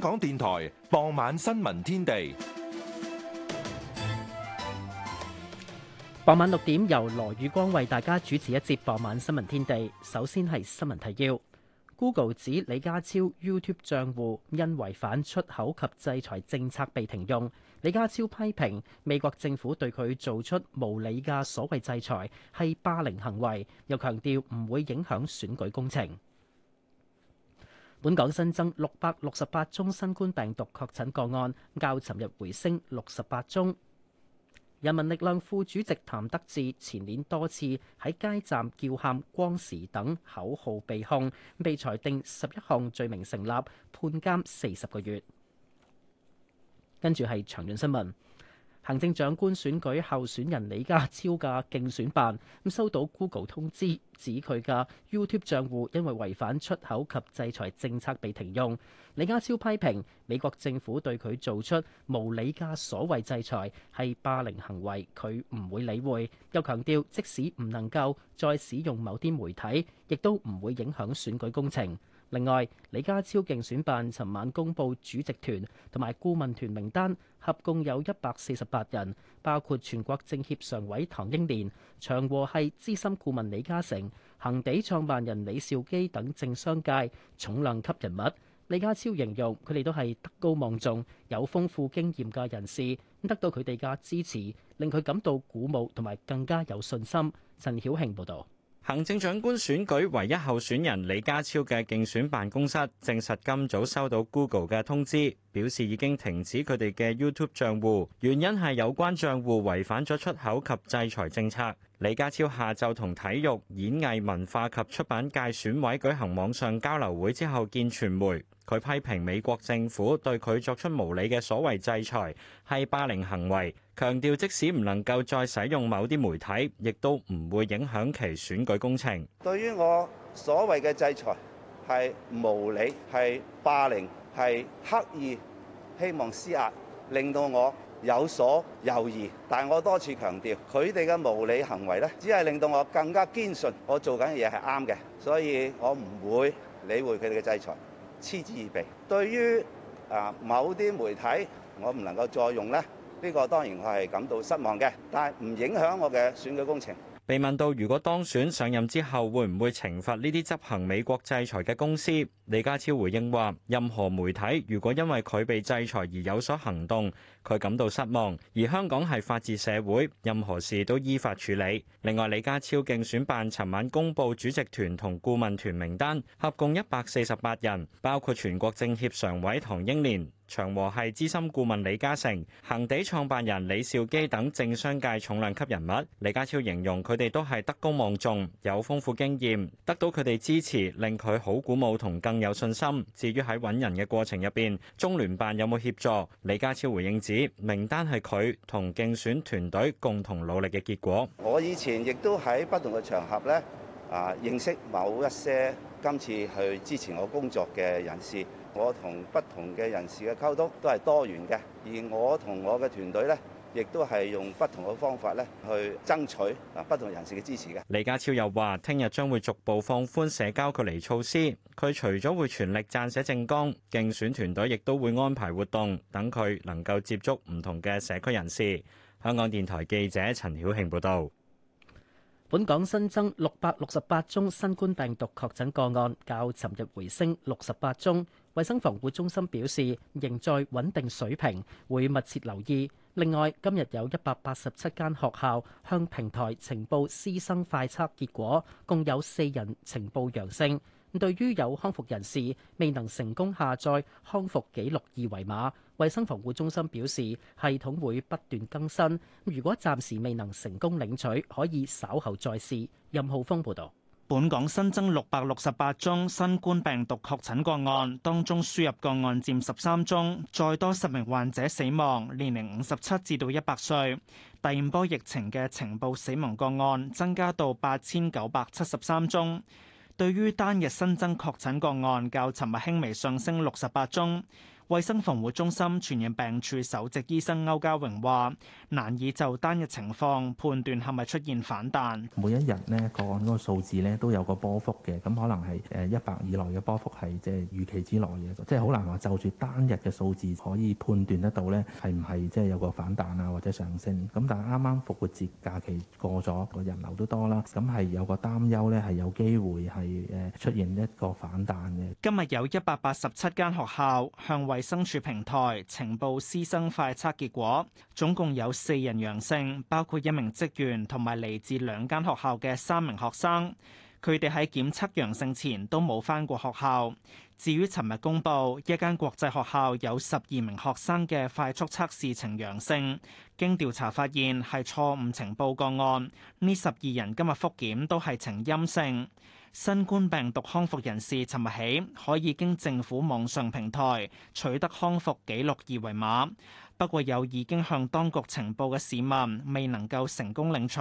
港電台傍晚新聞天地，傍晚六點由羅宇光為大家主持一節傍晚新聞天地。首先係新聞提要：Google 指李家超 YouTube 賬戶因違反出口及制裁政策被停用，李家超批評美國政府對佢做出無理嘅所謂制裁係霸凌行為，又強調唔會影響選舉工程。本港新增六百六十八宗新冠病毒確診個案，較尋日回升六十八宗。人民力量副主席譚德志前年多次喺街站叫喊光時等口號被控，被裁定十一項罪名成立，判監四十個月。跟住係長遠新聞。行政長官選舉候選人李家超嘅競選辦咁收到 Google 通知，指佢嘅 YouTube 賬戶因為違反出口及制裁政策，被停用。李家超批評美國政府對佢做出無理嘅所謂制裁係霸凌行為，佢唔會理會。又強調，即使唔能夠再使用某啲媒體，亦都唔會影響選舉工程。另外，李家超競選辦尋晚公布主席團同埋顧問團名單，合共有一百四十八人，包括全國政協常委唐英年、長和系資深顧問李嘉誠、恒地創辦人李兆基等政商界重量級人物。李家超形容佢哋都係德高望重、有豐富經驗嘅人士，得到佢哋嘅支持，令佢感到鼓舞同埋更加有信心。陳曉慶報導。行政長官選舉唯一候選人李家超嘅競選辦公室證實，今早收到 Google 嘅通知，表示已經停止佢哋嘅 YouTube 賬戶，原因係有關賬戶違反咗出口及制裁政策。李家超下晝同體育、演藝、文化及出版界選委舉行網上交流會之後見傳媒，佢批評美國政府對佢作出無理嘅所謂制裁係霸凌行為，強調即使唔能夠再使用某啲媒體，亦都唔會影響其選舉工程。有所猶疑，但我多次強調，佢哋嘅無理行為咧，只係令到我更加堅信我做緊嘅嘢係啱嘅，所以我唔會理會佢哋嘅制裁，嗤之以鼻。對於某啲媒體，我唔能夠再用呢。呢、呢個當然我係感到失望嘅，但係唔影響我嘅選舉工程。被問到如果當選上任之後會唔會懲罰呢啲執行美國制裁嘅公司，李家超回應話，任何媒體如果因為佢被制裁而有所行動，佢感到失望。而香港係法治社會，任何事都依法處理。另外，李家超競選辦尋晚公布主席團同顧問團名單，合共148人，包括全國政協常委唐英年。長和系資深顧問李嘉誠、恆地創辦人李兆基等政商界重量級人物。李家超形容佢哋都係德高望重、有豐富經驗，得到佢哋支持令佢好鼓舞同更有信心。至於喺揾人嘅過程入邊，中聯辦有冇協助？李家超回應指，名單係佢同競選團隊共同努力嘅結果。我以前亦都喺不同嘅場合咧，啊，認識某一些今次去支持我工作嘅人士。我同不同嘅人士嘅溝通都係多元嘅，而我同我嘅團隊呢，亦都係用不同嘅方法呢，去爭取啊，不同人士嘅支持嘅。李家超又話，聽日將會逐步放寬社交距離措施。佢除咗會全力撰寫政綱，競選團隊亦都會安排活動，等佢能夠接觸唔同嘅社區人士。香港電台記者陳曉慶報導。本港新增六百六十八宗新冠病毒確診個案，較尋日回升六十八宗。衛生防護中心表示，仍在穩定水平，會密切留意。另外，今日有一百八十七間學校向平台呈報師生快測結果，共有四人呈報陽性。對於有康復人士未能成功下載康復記錄二維碼，衛生防護中心表示系統會不斷更新。如果暫時未能成功領取，可以稍後再試。任浩峰報道。本港新增六百六十八宗新冠病毒確診個案，當中輸入個案佔十三宗，再多十名患者死亡，年齡五十七至到一百歲，第五波疫情嘅情報死亡個案增加到八千九百七十三宗。對於單日新增確診個案，較尋日輕微上升六十八宗。衛生防護中心傳染病處首席醫生歐家榮話，難以就單日情況判斷係咪出現反彈。每一日呢個案嗰個數字呢都有個波幅嘅，咁可能係誒一百以內嘅波幅係即係預期之內嘅，即係好難話就住單日嘅數字可以判斷得到呢係唔係即係有個反彈啊或者上升。咁但係啱啱復活節假期過咗，個人流都多啦，咁係有個擔憂呢係有機會係誒出現一個反彈嘅。今日有一百八十七間學校向衛。衛生署平台呈報師生快測結果，總共有四人陽性，包括一名職員同埋嚟自兩間學校嘅三名學生。佢哋喺檢測陽性前都冇返過學校。至於尋日公布一間國際學校有十二名學生嘅快速測試呈陽性，經調查發現係錯誤呈報個案。呢十二人今日復檢都係呈陰性。新冠病毒康復人士尋日起可以經政府網上平台取得康復記錄二維碼，不過有已經向當局呈報嘅市民未能夠成功領取。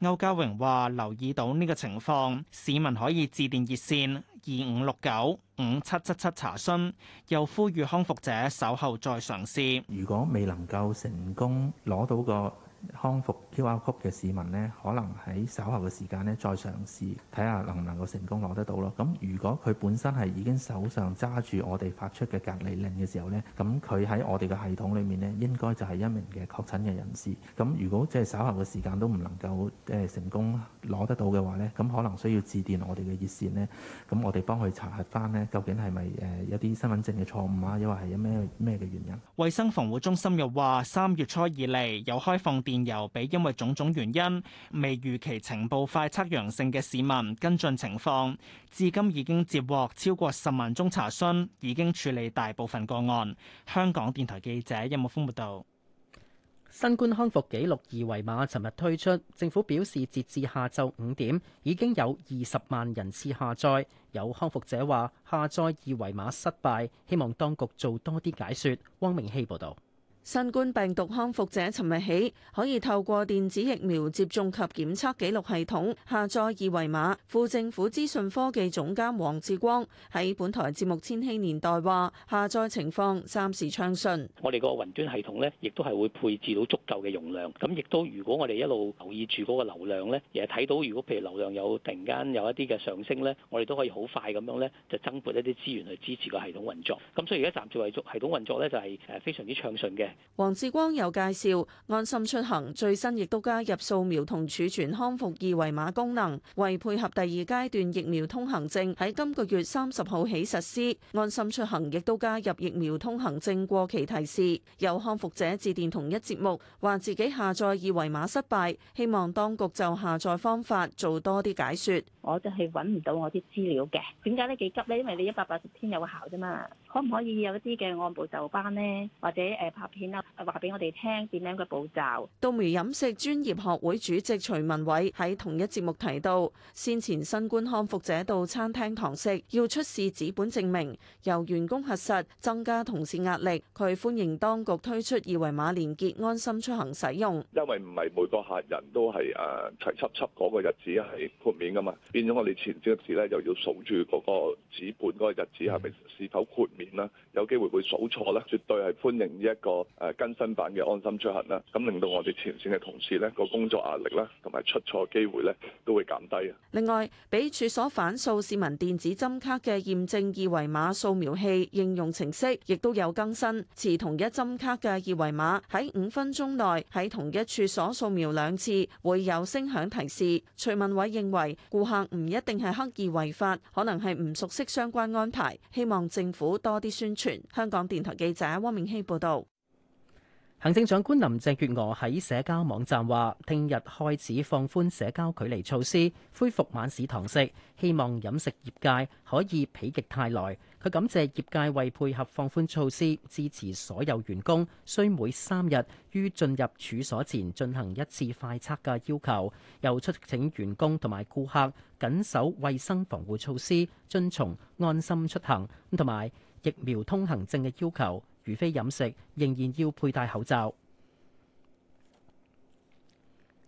歐家榮話留意到呢個情況，市民可以致電熱線二五六九五七七七查詢，又呼籲康復者稍後再嘗試，如果未能夠成功攞到個康復 QR code 嘅市民呢，可能喺稍後嘅時間呢再嘗試睇下能唔能夠成功攞得到咯。咁如果佢本身係已經手上揸住我哋發出嘅隔離令嘅時候呢，咁佢喺我哋嘅系統裏面呢應該就係一名嘅確診嘅人士。咁如果即係稍後嘅時間都唔能夠誒、呃、成功攞得到嘅話呢，咁可能需要致電我哋嘅熱線呢。咁我哋幫佢查核返呢，究竟係咪誒有啲身份證嘅錯誤啊，亦或係有咩咩嘅原因？衛生防護中心又話，三月初以嚟有開放電。由俾因為種種原因未預期呈報快測陽性嘅市民跟進情況至今已經接獲超過十萬宗查詢，已經處理大部分個案。香港電台記者任木峰報道。新冠康復紀錄二維碼尋日推出，政府表示截至下晝五點已經有二十萬人次下載，有康復者話下載二維碼失敗，希望當局做多啲解說，汪明希報道。新冠病毒康復者，尋日起可以透過電子疫苗接種及檢測記錄系統下載二維碼。副政府資訊科技總監黃志光喺本台節目《千禧年代》話：下載情況暫時暢順，我哋個雲端系統咧，亦都係會配置到足夠嘅容量。咁亦都，如果我哋一路留意住嗰個流量咧，而係睇到如果譬如流量有突然間有一啲嘅上升咧，我哋都可以好快咁樣咧就增撥一啲資源去支持個系統運作。咁所以而家暫時為續系統運作咧，就係、是、誒非常之暢順嘅。黃志光又介紹安心出行最新亦都加入掃描同儲存康復二維碼功能，為配合第二階段疫苗通行證喺今個月三十號起實施，安心出行亦都加入疫苗通行證過期提示。有康復者致電同一節目，話自己下載二維碼失敗，希望當局就下載方法做多啲解說。我就係揾唔到我啲資料嘅，點解咧幾急咧？因為你一百八十天有效啫嘛，可唔可以有一啲嘅按部就班呢？或者誒拍片啊，話俾我哋聽點樣嘅步驟？杜眉飲食專業學會主席徐文偉喺同一節目提到，先前新冠康復者到餐廳堂食要出示紙本證明，由員工核實，增加同事壓力。佢歡迎當局推出二維碼連結安心出行使用，因為唔係每個客人都係誒齊輯輯嗰個日子係豁免噶嘛。變咗我哋前線嘅事咧，又要數住嗰個紙本嗰個日子係咪是否豁免啦？有機會會數錯啦，絕對係歡迎呢一個誒更新版嘅安心出行啦。咁令到我哋前線嘅同事呢個工作壓力啦，同埋出錯機會呢都會減低。另外，俾處所反掃市民電子針卡嘅驗證二維碼掃描器應用程式，亦都有更新。持同一針卡嘅二維碼喺五分鐘內喺同一處所掃描兩次，會有聲響提示。徐文偉認為，顧客唔一定係刻意違法，可能係唔熟悉相關安排。希望政府多啲宣傳。香港電台記者汪明熙報道。行政長官林鄭月娥喺社交網站話：聽日開始放寬社交距離措施，恢復晚市堂食，希望飲食業界可以否極泰來。佢感謝業界為配合放寬措施，支持所有員工，需每三日於進入處所前進行一次快測嘅要求，又促請員工同埋顧客緊守衛生防護措施，遵從安心出行同埋疫苗通行證嘅要求。如非飲食，仍然要佩戴口罩。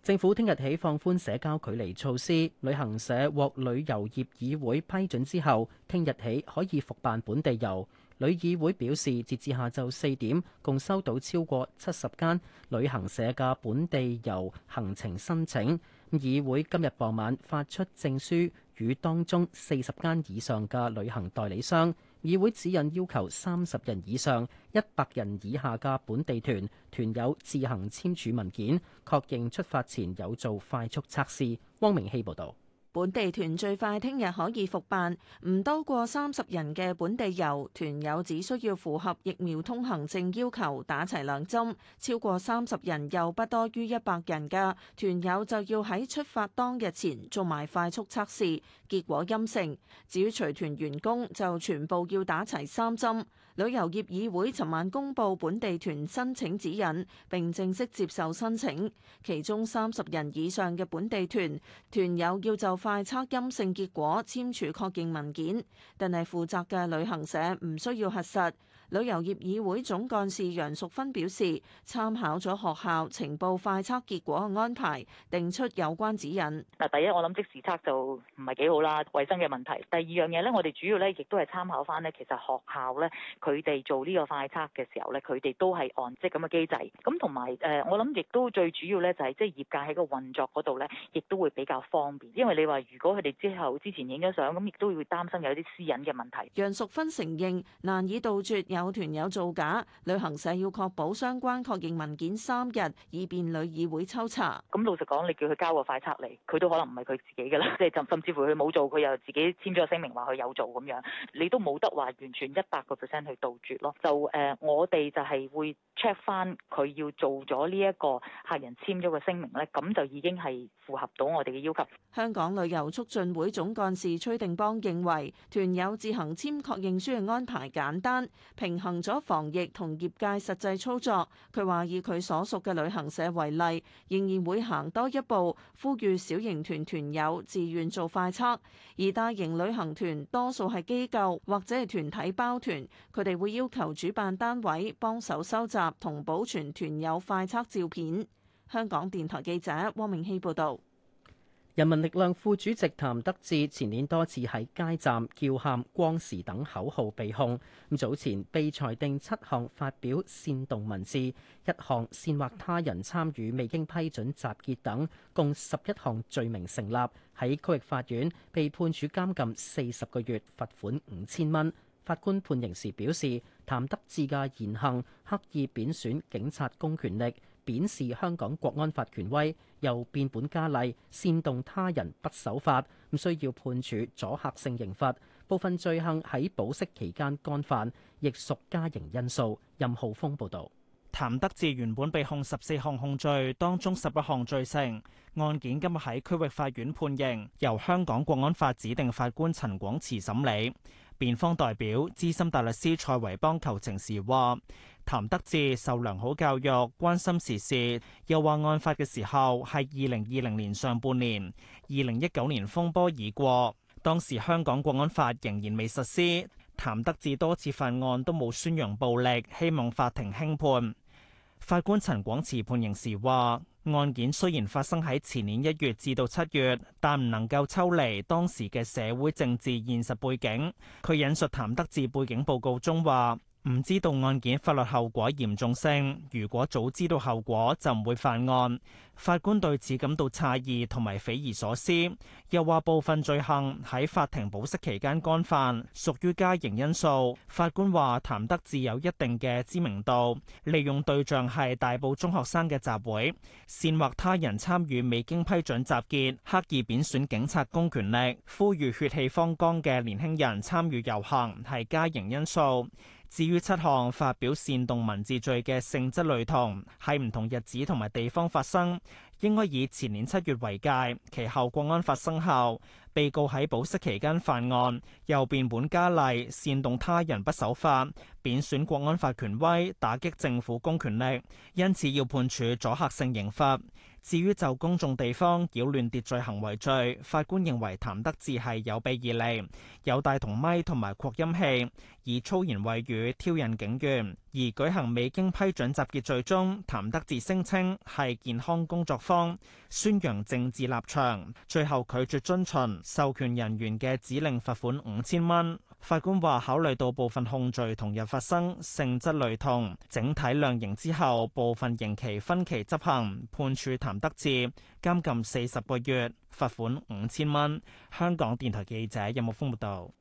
政府聽日起放寬社交距離措施，旅行社獲旅遊業議會批准之後，聽日起可以復辦本地遊。旅議會表示，截至下晝四點，共收到超過七十間旅行社嘅本地遊行程申請。議會今日傍晚發出證書，與當中四十間以上嘅旅行代理商。議會指引要求三十人以上、一百人以下嘅本地團，團友自行簽署文件，確認出發前有做快速測試。汪明希報導。本地團最快聽日可以復辦，唔多過三十人嘅本地遊團友只需要符合疫苗通行證要求，打齊兩針，超過三十人又不多於一百人嘅團友就要喺出發當日前做埋快速測試，結果陰性。至於隨團員工就全部要打齊三針。旅遊業議會尋晚公布本地團申請指引，並正式接受申請。其中三十人以上嘅本地團，團友要就快測陰性結果簽署確認文件，但係負責嘅旅行社唔需要核實。旅遊業議會總幹事楊淑芬表示，參考咗學校情報快測結果嘅安排，定出有關指引。啊，第一我諗即時測就唔係幾好啦，衞生嘅問題。第二樣嘢咧，我哋主要咧亦都係參考返咧，其實學校咧佢哋做呢個快測嘅時候咧，佢哋都係按即咁嘅機制。咁同埋誒，我諗亦都最主要咧就係即係業界喺個運作嗰度咧，亦都會比較方便，因為你話如果佢哋之後之前影咗相，咁亦都會擔心有啲私隱嘅問題。楊淑芬承認難以杜絕。有團友造假，旅行社要確保相關確認文件三日，以便旅議會抽查。咁老實講，你叫佢交個快測嚟，佢都可能唔係佢自己噶啦。即係甚甚至乎佢冇做，佢又自己簽咗個聲明話佢有做咁樣，你都冇得話完全一百個 percent 去杜絕咯。就誒、呃，我哋就係會 check 翻佢要做咗呢一個客人簽咗個聲明咧，咁就已經係符合到我哋嘅要求。香港旅遊促進會總幹事崔定邦認為，團友自行簽確認書嘅安排簡單平衡咗防疫同業界實際操作，佢話以佢所屬嘅旅行社為例，仍然會行多一步，呼籲小型團團友自願做快測，而大型旅行團多數係機構或者係團體包團，佢哋會要求主辦單位幫手收集同保存團友快測照片。香港電台記者汪明希報道。人民力量副主席譚德志前年多次喺街站叫喊「光時」等口號被控，早前被裁定七項發表煽動文字、一項煽惑他人參與未經批准集結等，共十一項罪名成立，喺區域法院被判處監禁四十個月、罰款五千蚊。法官判刑時表示，譚德志嘅言行刻意貶損警察公權力，蔑視香港國安法權威，又變本加厲煽動他人不守法，咁需要判處阻嚇性刑罰。部分罪行喺保釋期間干犯，亦屬加刑因素。任浩峰報導。譚得志原本被控十四項控罪，當中十一項罪成。案件今日喺區域法院判刑，由香港國安法指定法官陳廣池審理。辯方代表資深大律師蔡維邦求情時話。譚德志受良好教育，關心時事，又話案發嘅時候係二零二零年上半年，二零一九年風波已過，當時香港國安法仍然未實施。譚德志多次犯案都冇宣揚暴力，希望法庭輕判。法官陳廣慈判刑時話：案件雖然發生喺前年一月至到七月，但唔能夠抽離當時嘅社會政治現實背景。佢引述譚德志背景報告中話。唔知道案件法律後果嚴重性，如果早知道後果就唔會犯案。法官對此感到詫異同埋匪夷所思，又話部分罪行喺法庭保釋期間干犯，屬於加刑因素。法官話譚得志有一定嘅知名度，利用對象係大埔中學生嘅集會，煽惑他人參與未經批准集結，刻意貶損警察公權力，呼籲血氣方剛嘅年輕人參與遊行，係加刑因素。至於七項發表煽動文字罪嘅性質類同，喺唔同日子同埋地方發生，應該以前年七月為界，其後國安發生後，被告喺保釋期間犯案，又變本加厲煽動他人不守法，貶損國安法權威，打擊政府公權力，因此要判處阻嚇性刑罰。至於就公眾地方擾亂秩序行為罪，法官認為譚德志係有備而嚟，有帶同咪同埋擴音器，以粗言穢語挑釁警員，而舉行未經批准集結罪中，譚德志聲稱係健康工作坊，宣揚政治立場，最後拒絕遵循授權人員嘅指令，罰款五千蚊。法官話考慮到部分控罪同日發生，性質類同，整體量刑之後，部分刑期分期執行，判處譚德志監禁四十個月，罰款五千蚊。香港電台記者任木豐報道。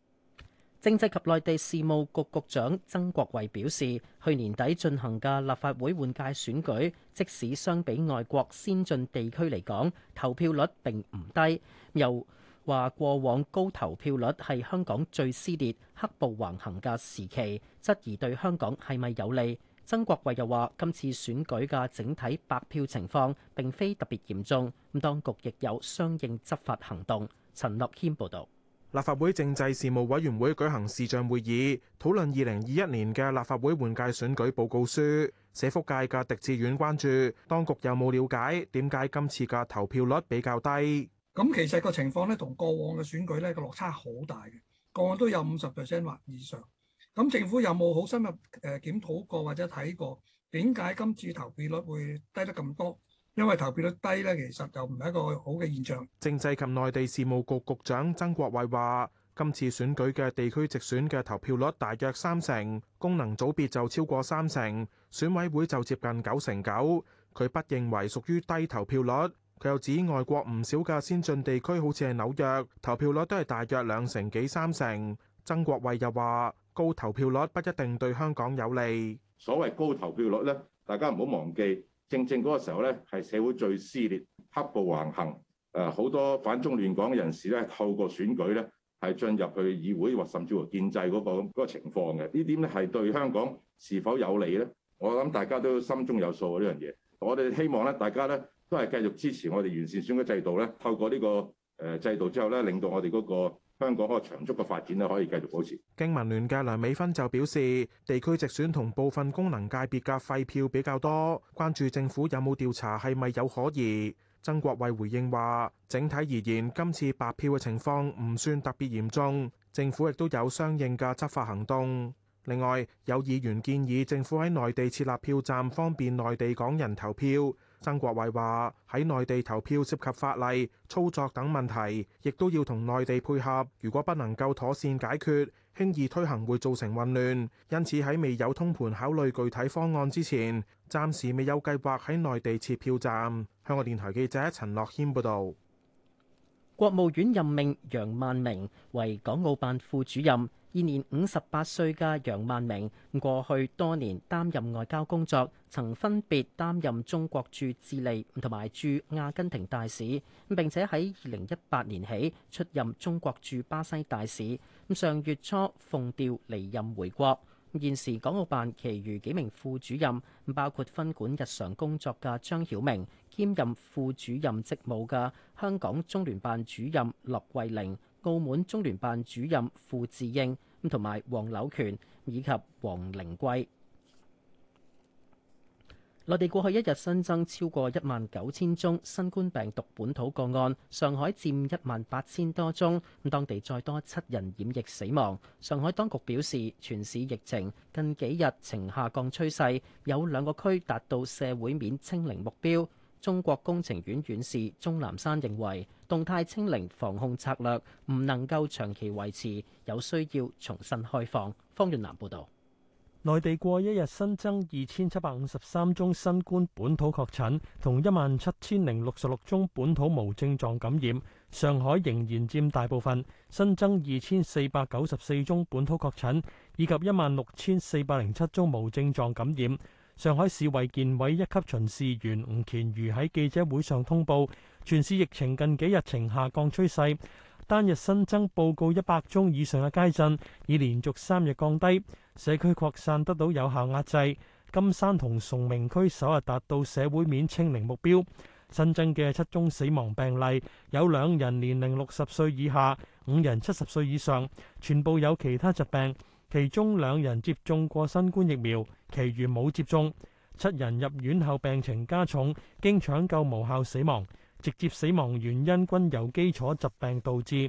政制及內地事務局局長曾國衛表示，去年底進行嘅立法會換屆選舉，即使相比外國先進地區嚟講，投票率並唔低，又話過往高投票率係香港最撕裂、黑暴橫行嘅時期，質疑對香港係咪有利？曾國衛又話：今次選舉嘅整體白票情況並非特別嚴重，咁當局亦有相應執法行動。陳諾軒報導。立法會政制事務委員會舉行視像會議，討論二零二一年嘅立法會換屆選舉報告書。社福界嘅狄志遠關注，當局有冇了解點解今次嘅投票率比較低？咁其實個情況咧，同過往嘅選舉咧個落差好大嘅，個案都有五十 percent 或以上。咁政府有冇好深入誒檢討過或者睇過點解今次投票率會低得咁多？因為投票率低咧，其實就唔係一個好嘅現象。政制及內地事務局局局長曾國衛話：今次選舉嘅地區直選嘅投票率大約三成，功能組別就超過三成，選委會就接近九成九。佢不認為屬於低投票率。又指外國唔少嘅先進地區好似係紐約投票率都係大約兩成幾三成。曾國衞又話：高投票率不一定對香港有利。所謂高投票率咧，大家唔好忘記，正正嗰個時候咧係社會最撕裂、黑暴橫行。誒，好多反中亂港嘅人士咧透過選舉咧係進入去議會或甚至乎建制嗰個情況嘅。呢點咧係對香港是否有利咧？我諗大家都心中有數呢樣嘢。我哋希望咧，大家咧。都係繼續支持我哋完善選舉制度咧。透過呢個誒制度之後咧，令到我哋嗰個香港嗰個長足嘅發展咧，可以繼續保持。經民聯嘅梁美芬就表示，地區直選同部分功能界別嘅廢票比較多，關注政府有冇調查係咪有可疑。曾國衛回應話，整體而言，今次白票嘅情況唔算特別嚴重，政府亦都有相應嘅執法行動。另外，有議員建議政府喺內地設立票站，方便內地港人投票。曾國衛話：喺內地投票涉及法例、操作等問題，亦都要同內地配合。如果不能夠妥善解決，輕易推行會造成混亂。因此喺未有通盤考慮具體方案之前，暫時未有計劃喺內地設票站。香港電台記者陳樂謙報道。國務院任命楊萬明為港澳辦副主任。現年五十八歲嘅楊萬明，過去多年擔任外交工作，曾分別擔任中國駐智利同埋駐阿根廷大使，咁並且喺二零一八年起出任中國駐巴西大使。上月初奉調離任回國，現時港澳辦其餘幾名副主任，包括分管日常工作嘅張曉明，兼任副主任職務嘅香港中聯辦主任駱惠寧、澳門中聯辦主任傅自應同埋黃柳權以及黃凌桂。內地過去一日新增超過一萬九千宗新冠病毒本土個案，上海佔一萬八千多宗，咁當地再多七人染疫死亡。上海當局表示，全市疫情近幾日呈下降趨勢，有兩個區達到社會面清零目標。中國工程院院士鍾南山認為，動態清零防控策略唔能夠長期維持，有需要重新開放。方潤南報道，內地過一日新增二千七百五十三宗新冠本土確診，同一萬七千零六十六宗本土無症狀感染。上海仍然佔大部分，新增二千四百九十四宗本土確診，以及一萬六千四百零七宗無症狀感染。上海市衛健委一級巡視員吳乾瑜喺記者會上通報，全市疫情近幾日呈下降趨勢，單日新增報告一百宗以上嘅街鎮已連續三日降低，社區擴散得到有效壓制。金山同崇明區首日達到社會面清零目標，新增嘅七宗死亡病例有兩人年齡六十歲以下，五人七十歲以上，全部有其他疾病。其中兩人接種過新冠疫苗，其餘冇接種。七人入院後病情加重，經搶救無效死亡，直接死亡原因均由基礎疾病導致。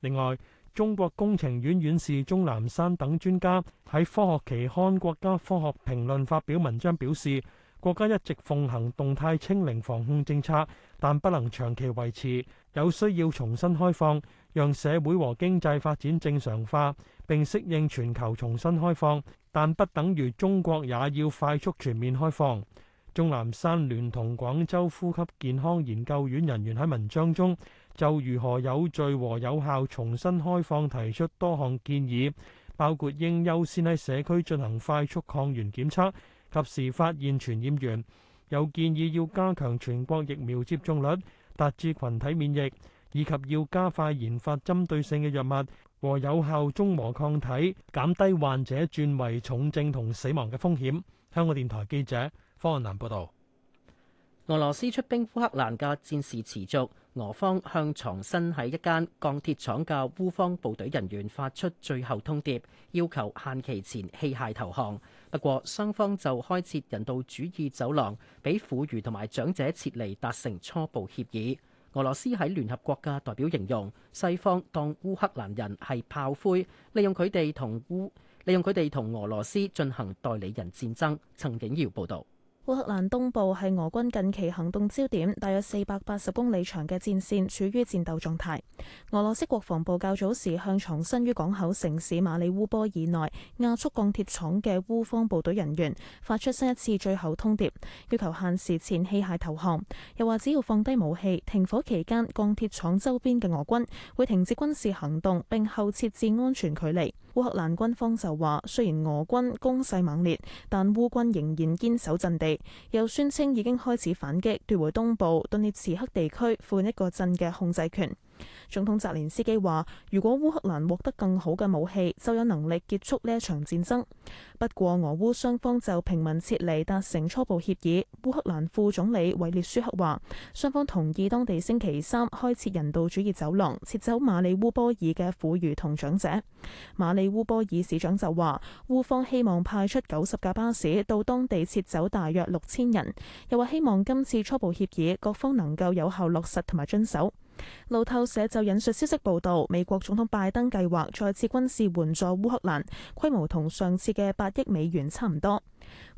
另外，中國工程院院士鐘南山等專家喺科學期刊《國家科學評論》發表文章表示，國家一直奉行動態清零防控政策，但不能長期維持，有需要重新開放。讓社會和經濟發展正常化，並適應全球重新開放，但不等於中國也要快速全面開放。鐘南山聯同廣州呼吸健康研究院人員喺文章中，就如何有序和有效重新開放提出多項建議，包括應優先喺社區進行快速抗原檢測，及時發現傳染源。又建議要加強全國疫苗接種率，達至群體免疫。以及要加快研發針對性嘅藥物和有效中和抗體，減低患者轉為重症同死亡嘅風險。香港電台記者方瀚南報道。俄羅斯出兵烏克蘭嘅戰事持續，俄方向藏身喺一間鋼鐵廠嘅烏方部隊人員發出最後通牒，要求限期前棄械投降。不過雙方就開設人道主義走廊，俾婦孺同埋長者撤離達成初步協議。俄羅斯喺聯合國嘅代表形容西方當烏克蘭人係炮灰，利用佢哋同烏利用佢哋同俄羅斯進行代理人戰爭。陳景堯報道。烏克蘭東部係俄軍近期行動焦點，大約四百八十公里長嘅戰線處於戰鬥狀態。俄羅斯國防部較早時向藏身於港口城市馬里烏波爾內亞速鋼鐵廠嘅烏方部隊人員發出新一次最後通牒，要求限時前棄械投降。又話只要放低武器停火期間，鋼鐵廠周邊嘅俄軍會停止軍事行動，並後撤至安全距離。烏克蘭軍方就話，雖然俄軍攻勢猛烈，但烏軍仍然堅守陣地。又宣稱已經開始反擊，奪回東部頓涅茨克地區附近一個鎮嘅控制權。總統澤連斯基話，如果烏克蘭獲得更好嘅武器，就有能力結束呢一場戰爭。不過，俄烏雙方就平民撤離達成初步協議。烏克蘭副總理韋列舒克話，雙方同意當地星期三開設人道主義走廊，撤走馬里烏波爾嘅婦孺同長者。馬里烏波爾市長就話，烏方希望派出九十架巴士到當地撤走大約六千人，又話希望今次初步協議各方能夠有效落實同埋遵守。路透社就引述消息報道，美國總統拜登計劃再次軍事援助烏克蘭，規模同上次嘅八億美元差唔多。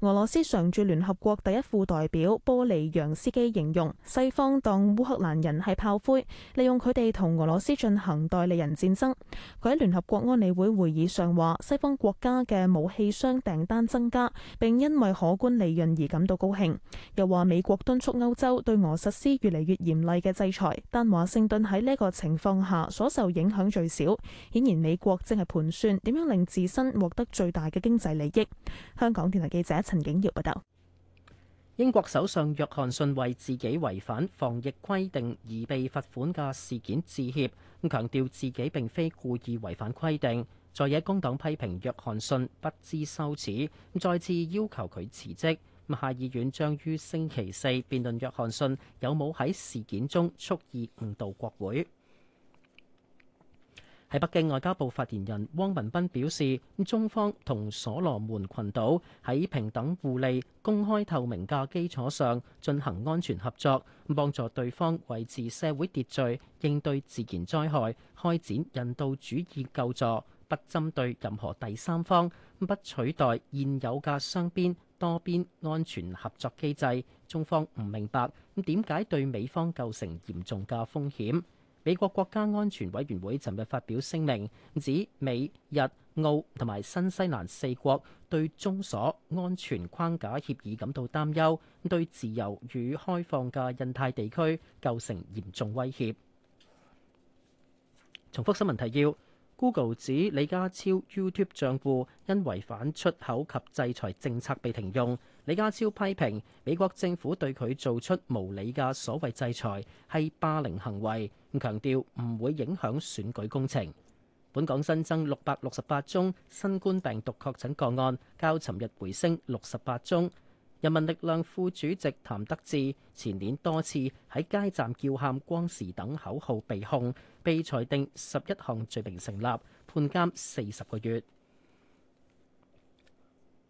俄羅斯常駐聯合國第一副代表波利揚斯基形容西方當烏克蘭人係炮灰，利用佢哋同俄羅斯進行代理人戰爭。佢喺聯合國安理會會議上話：西方國家嘅武器商訂單增加，並因為可觀利潤而感到高興。又話美國敦促歐洲對俄實施越嚟越嚴厲嘅制裁，但華盛頓喺呢個情況下所受影響最少。顯然美國正係盤算點樣令自身獲得最大嘅經濟利益。香港電台記。者陳景瑤報道，英國首相約翰遜為自己違反防疫規定而被罰款嘅事件致歉，強調自己並非故意違反規定。在野工黨批評約翰遜不知羞恥，再次要求佢辭職。下議院將於星期四辯論約翰遜有冇喺事件中蓄意誤導國會。喺北京，外交部發言人汪文斌表示，中方同所羅門群島喺平等互利、公開透明嘅基礎上進行安全合作，幫助對方維持社會秩序、應對自然災害、開展人道主義救助，不針對任何第三方，不取代現有嘅雙邊、多邊安全合作機制。中方唔明白點解對美方構成嚴重嘅風險。美國國家安全委員會尋日發表聲明，指美日澳同埋新西蘭四國對中所安全框架協議感到擔憂，對自由與開放嘅印太地區構成嚴重威脅。重複新聞提要：Google 指李家超 YouTube 賬戶因違反出口及制裁政策被停用。李家超批評美國政府對佢做出無理嘅所謂制裁係霸凌行為，強調唔會影響選舉工程。本港新增六百六十八宗新冠病毒確診個案，較尋日回升六十八宗。人民力量副主席譚德志前年多次喺街站叫喊「光時」等口號被控，被裁定十一項罪名成立，判監四十個月。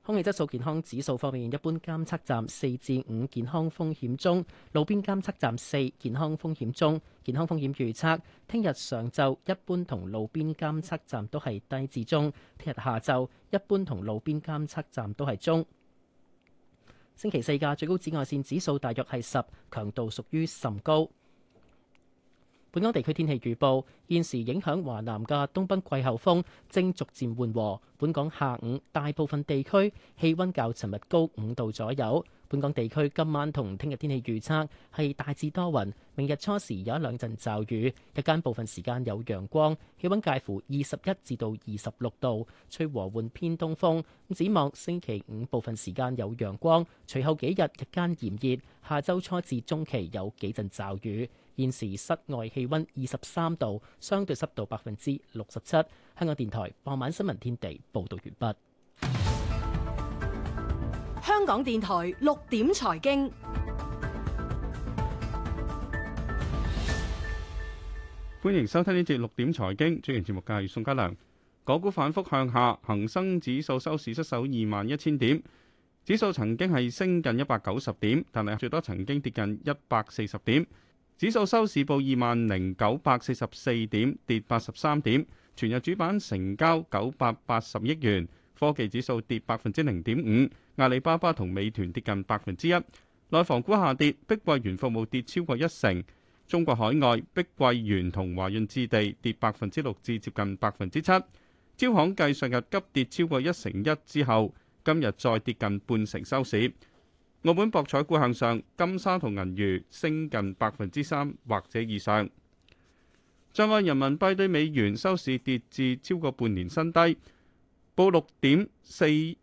空氣質素健康指數方面，一般監測站四至五健康風險中，路邊監測站四健康風險中。健康風險預測，聽日上晝一般同路邊監測站都係低至中，聽日下晝一般同路邊監測站都係中。星期四嘅最高紫外線指數大約係十，強度屬於甚高。本港地區天氣預報，現時影響華南嘅東北季候風正逐漸緩和，本港下午大部分地區氣溫較尋日高五度左右。本港地區今晚同聽日天氣預測係大致多雲，明日初時有一兩陣驟雨，日間部分時間有陽光，氣溫介乎二十一至到二十六度，吹和緩偏東風。展望星期五部分時間有陽光，隨後幾日日間炎熱，下周初至中期有幾陣驟雨。現時室外氣溫二十三度，相對濕度百分之六十七。香港電台傍晚新聞天地報道完畢。香港電台六點財經，歡迎收聽呢節六點財經。主持節目嘅係宋家良。港股反復向下，恒生指數收市失守二萬一千點，指數曾經係升近一百九十點，但係最多曾經跌近一百四十點。指數收市報二萬零九百四十四點，跌八十三點。全日主板成交九百八十億元。科技指數跌百分之零點五，阿里巴巴同美團跌近百分之一。內房股下跌，碧桂園服務跌超過一成。中國海外、碧桂園同華潤置地跌百分之六至接近百分之七。招行繼上日急跌超過一成一之後，今日再跌近半成收市。澳門博彩股向上，金沙同銀娛升近百分之三或者以上。另外，人民幣對美元收市跌至超過半年新低，報六點四，係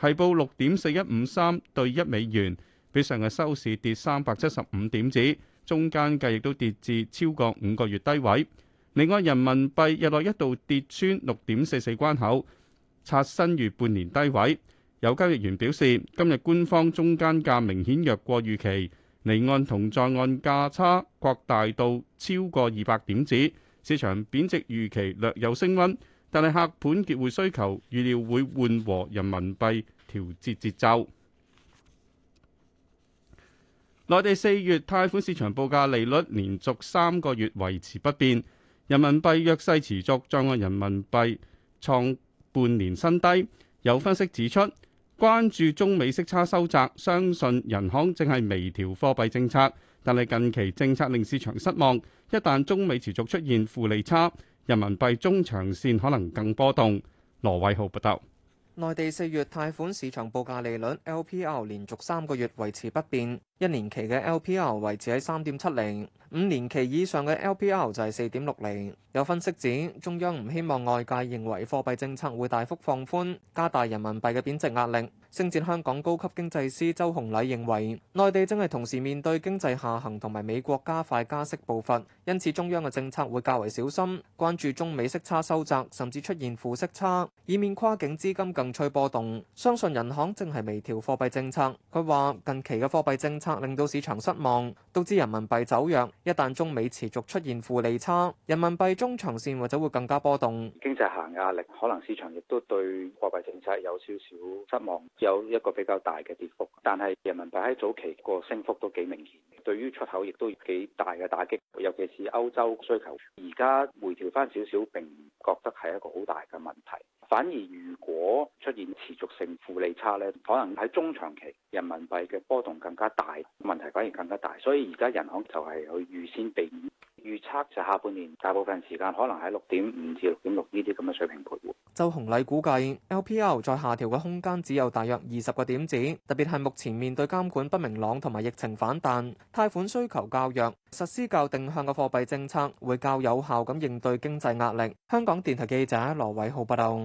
報六點四一五三對一美元，比上日收市跌三百七十五點子，中間價亦都跌至超過五個月低位。另外，人民幣日內一度跌穿六點四四關口，刷新逾半年低位。有交易員表示，今日官方中間價明顯弱過預期，離岸同在岸價差擴大到超過二百點子，市場貶值預期略有升溫，但係客盤結匯需求預料會緩和人民幣調節節奏。內地四月貸款市場報價利率連續三個月維持不變，人民幣弱勢持續，在岸人民幣創半年新低。有分析指出，關注中美息差收窄，相信人行正係微調貨幣政策，但係近期政策令市場失望。一旦中美持續出現負利差，人民幣中長線可能更波動。羅偉浩報道，內地四月貸款市場報價利率 LPR 連續三個月維持不變。一年期嘅 LPR 維持喺三點七零，五年期以上嘅 LPR 就係四點六零。有分析指，中央唔希望外界認為貨幣政策會大幅放寬，加大人民幣嘅貶值壓力。星展香港高級經濟師周鴻禮認為，內地正係同時面對經濟下行同埋美國加快加息步伐，因此中央嘅政策會較為小心，關注中美息差收窄，甚至出現負息差，以免跨境資金更趨波動。相信銀行正係微調貨幣政策。佢話近期嘅貨幣政策。令到市場失望，導致人民幣走弱。一旦中美持續出現負利差，人民幣中長線或者會更加波動。經濟下行壓力，可能市場亦都對貨幣政策有少少失望，有一個比較大嘅跌幅。但係人民幣喺早期個升幅都幾明顯，對於出口亦都幾大嘅打擊，尤其是歐洲需求而家回調翻少少，並唔覺得係一個好大嘅問題。反而如果出現持續性負利差呢，可能喺中長期人民幣嘅波動更加大，問題反而更加大，所以而家人行就係去預先避免。預測就下半年大部分時間可能喺六點五至六點六呢啲咁嘅水平徘徊。周鴻禮估計 LPR 再下調嘅空間只有大約二十個點子，特別係目前面對監管不明朗同埋疫情反彈貸款需求較弱，實施較定向嘅貨幣政策會較有效咁應對經濟壓力。香港電台記者羅偉浩報道。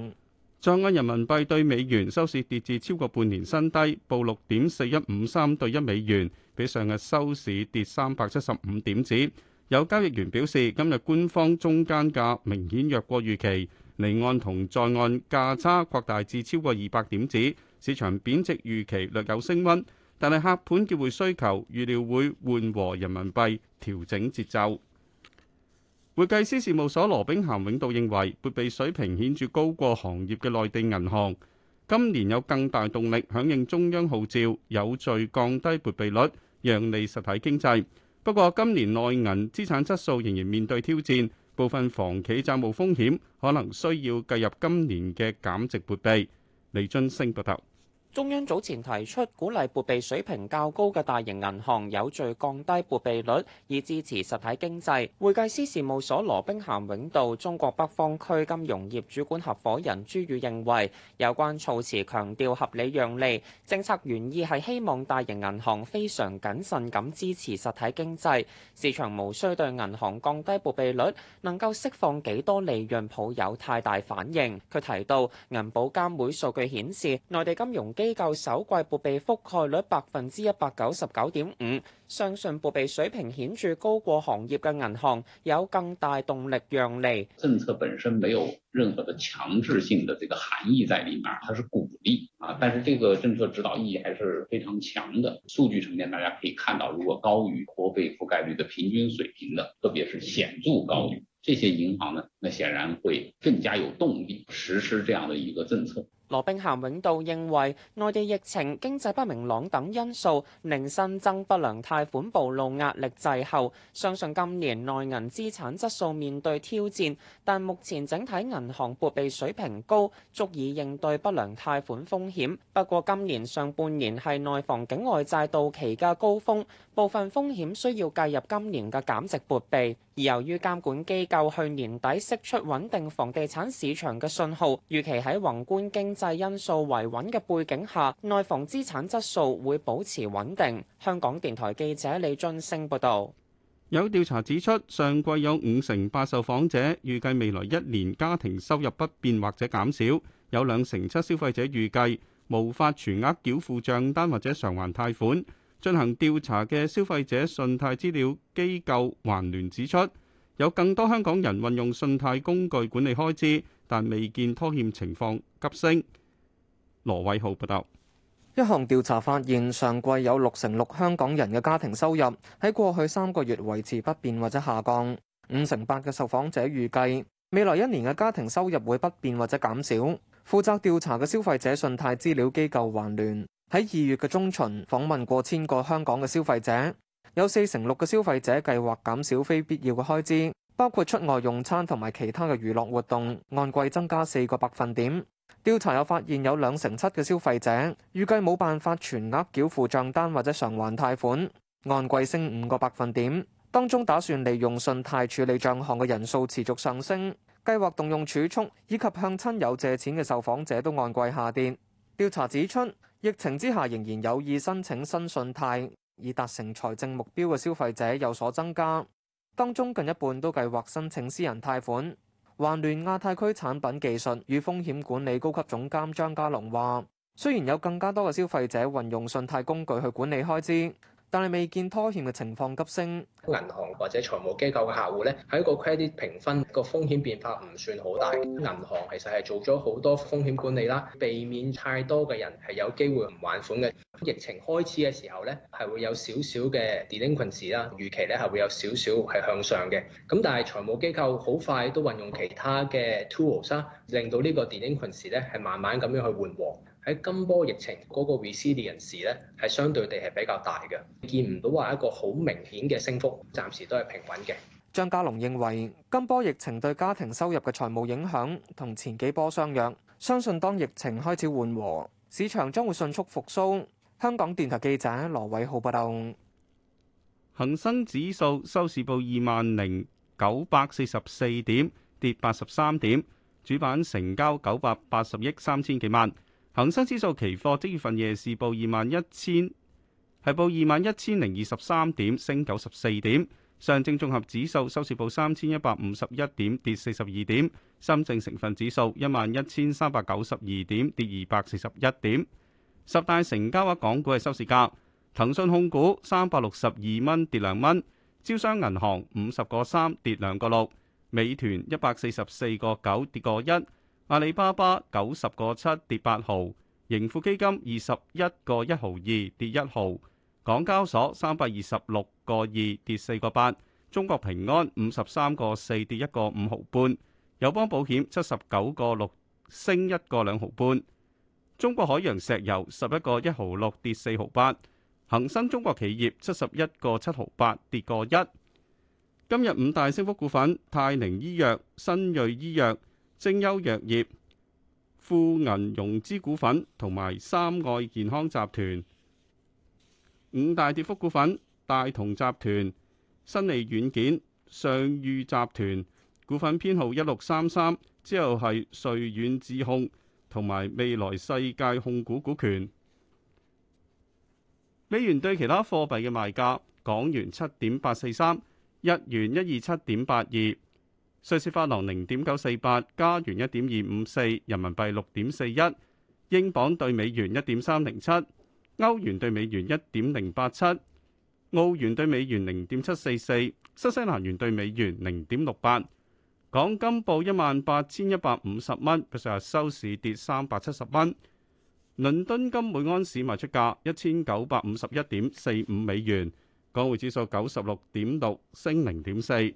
在岸人民幣兌美元收市跌至超過半年新低，報六點四一五三對一美元，比上日收市跌三百七十五點子。有交易員表示，今日官方中間價明顯弱過預期，離岸同在岸價差擴大至超過二百點子，市場貶值預期略有升溫，但係客盤結匯需求預料會緩和人民幣調整節奏。會計師事務所羅兵咸永道認為，撥備水平顯著高過行業嘅內地銀行，今年有更大動力響應中央號召，有序降低撥備率，讓利實體經濟。不過，今年內銀資產質素仍然面對挑戰，部分房企債務風險可能需要計入今年嘅減值撥備。李俊升報道。中央早前提出鼓勵撥備水平較高嘅大型銀行有序降低撥備率，以支持實體經濟。會計師事務所羅兵咸永道中國北方區金融業主管合夥人朱宇認為，有關措辭強調合理讓利，政策原意係希望大型銀行非常謹慎咁支持實體經濟。市場無需對銀行降低撥備率能夠釋放幾多利潤抱有太大反應，佢提到，銀保監會數據顯示，內地金融。機構首季撥備覆蓋率百分之一百九十九點五，相信撥備水平顯著高過行業嘅銀行，有更大動力讓利。政策本身沒有任何的強制性的這個含義在裏面，它是鼓勵啊，但是這個政策指導意義還是非常強的。數據呈現大家可以看到，如果高於撥備覆蓋率的平均水平的，特別是顯著高於這些銀行呢，那顯然會更加有動力實施這樣的一個政策。羅兵咸永道認為，內地疫情、經濟不明朗等因素，令新增不良貸款暴露壓力滯後。相信今年內銀資產質素面對挑戰，但目前整體銀行撥備水平高，足以應對不良貸款風險。不過今年上半年係內房境外債到期嘅高峰，部分風險需要計入今年嘅減值撥備。而由於監管機構去年底釋出穩定房地產市場嘅信號，預期喺宏觀經濟。制因素維穩嘅背景下，內房資產質素,素會保持穩定。香港電台記者李俊升報道。有調查指出，上季有五成八受訪者預計未來一年家庭收入不變或者減少，有兩成七消費者預計無法全額繳付賬單或者償還貸款。進行調查嘅消費者信貸資料機構環聯指出，有更多香港人運用信貸工具管理開支。但未見拖欠情況急升。羅偉浩報道。一項調查發現，上季有六成六香港人嘅家庭收入喺過去三個月維持不變或者下降。五成八嘅受訪者預計未來一年嘅家庭收入會不變或者減少。負責調查嘅消費者信貸資料機構環聯喺二月嘅中旬訪問過千個香港嘅消費者，有四成六嘅消費者計劃減少非必要嘅開支。包括出外用餐同埋其他嘅娛樂活動，按季增加四個百分點。調查又發現有兩成七嘅消費者預計冇辦法全額繳付賬單或者償還貸款，按季升五個百分點，當中打算利用信貸處理賬項嘅人數持續上升，計劃動用儲蓄以及向親友借錢嘅受訪者都按季下跌。調查指出，疫情之下仍然有意申請新信貸，以達成財政目標嘅消費者有所增加。當中近一半都計劃申請私人貸款。環聯亞太區產品技術與風險管理高級總監張家龍話，雖然有更加多嘅消費者運用信貸工具去管理開支。但係未見拖欠嘅情況急升。銀行或者財務機構嘅客戶咧，喺一個 credit 評分個風險變化唔算好大。銀行其實係做咗好多風險管理啦，避免太多嘅人係有機會唔還款嘅。疫情開始嘅時候咧，係會有少少嘅 d e f a u e n c 時啦，預期咧係會有少少係向上嘅。咁但係財務機構好快都運用其他嘅 tools 啦，令到呢個 d e f a u e n c 時咧係慢慢咁樣去換和。喺今波疫情嗰、那個 resilience 咧，係相對地係比較大嘅，見唔到話一個好明顯嘅升幅，暫時都係平穩嘅。張家龍認為今波疫情對家庭收入嘅財務影響同前幾波相若，相信當疫情開始緩和，市場將會迅速復蘇。香港電台記者羅偉浩報道，恒生指數收市報二萬零九百四十四點，跌八十三點，主板成交九百八十億三千幾萬。恒生指數期貨即月份夜市報二萬一千，係報二萬一千零二十三點升九十四點，上證綜合指數收市報三千一百五十一點跌四十二點，深證成分指數一萬一千三百九十二點跌二百四十一點，十大成交額港股嘅收市價騰訊控股三百六十二蚊，跌兩蚊。招商銀行五十個三，跌兩個六。美團一百四十四個九，跌過一。阿里巴巴九十個七跌八毫，盈富基金二十一個一毫二跌一毫，港交所三百二十六個二跌四個八，中國平安五十三個四跌一個五毫半，友邦保險七十九個六升一個兩毫半，中國海洋石油十一個一毫六跌四毫八，恒生中國企業七十一個七毫八跌個一。今日五大升幅股份：泰寧醫藥、新瑞醫藥。正優藥業、富銀融資股份、同埋三愛健康集團五大跌幅股份，大同集團、新利軟件、上裕集團股份編號一六三三，之後係瑞遠智控同埋未來世界控股股權。美元對其他貨幣嘅賣價，港元七點八四三，日元一二七點八二。瑞士法郎零點九四八，加元一點二五四，人民幣六點四一，英鎊對美元一點三零七，歐元對美元一點零八七，澳元對美元零點七四四，新西蘭元對美元零點六八。港金報一萬八千一百五十蚊，比上日收市跌三百七十蚊。倫敦金每安士賣出價一千九百五十一點四五美元，港匯指數九十六點六升零點四。